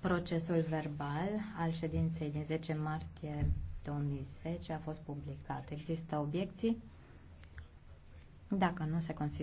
Procesul verbal al ședinței din 10 martie 2010 a fost publicat. Există obiecții? Dacă nu se consideră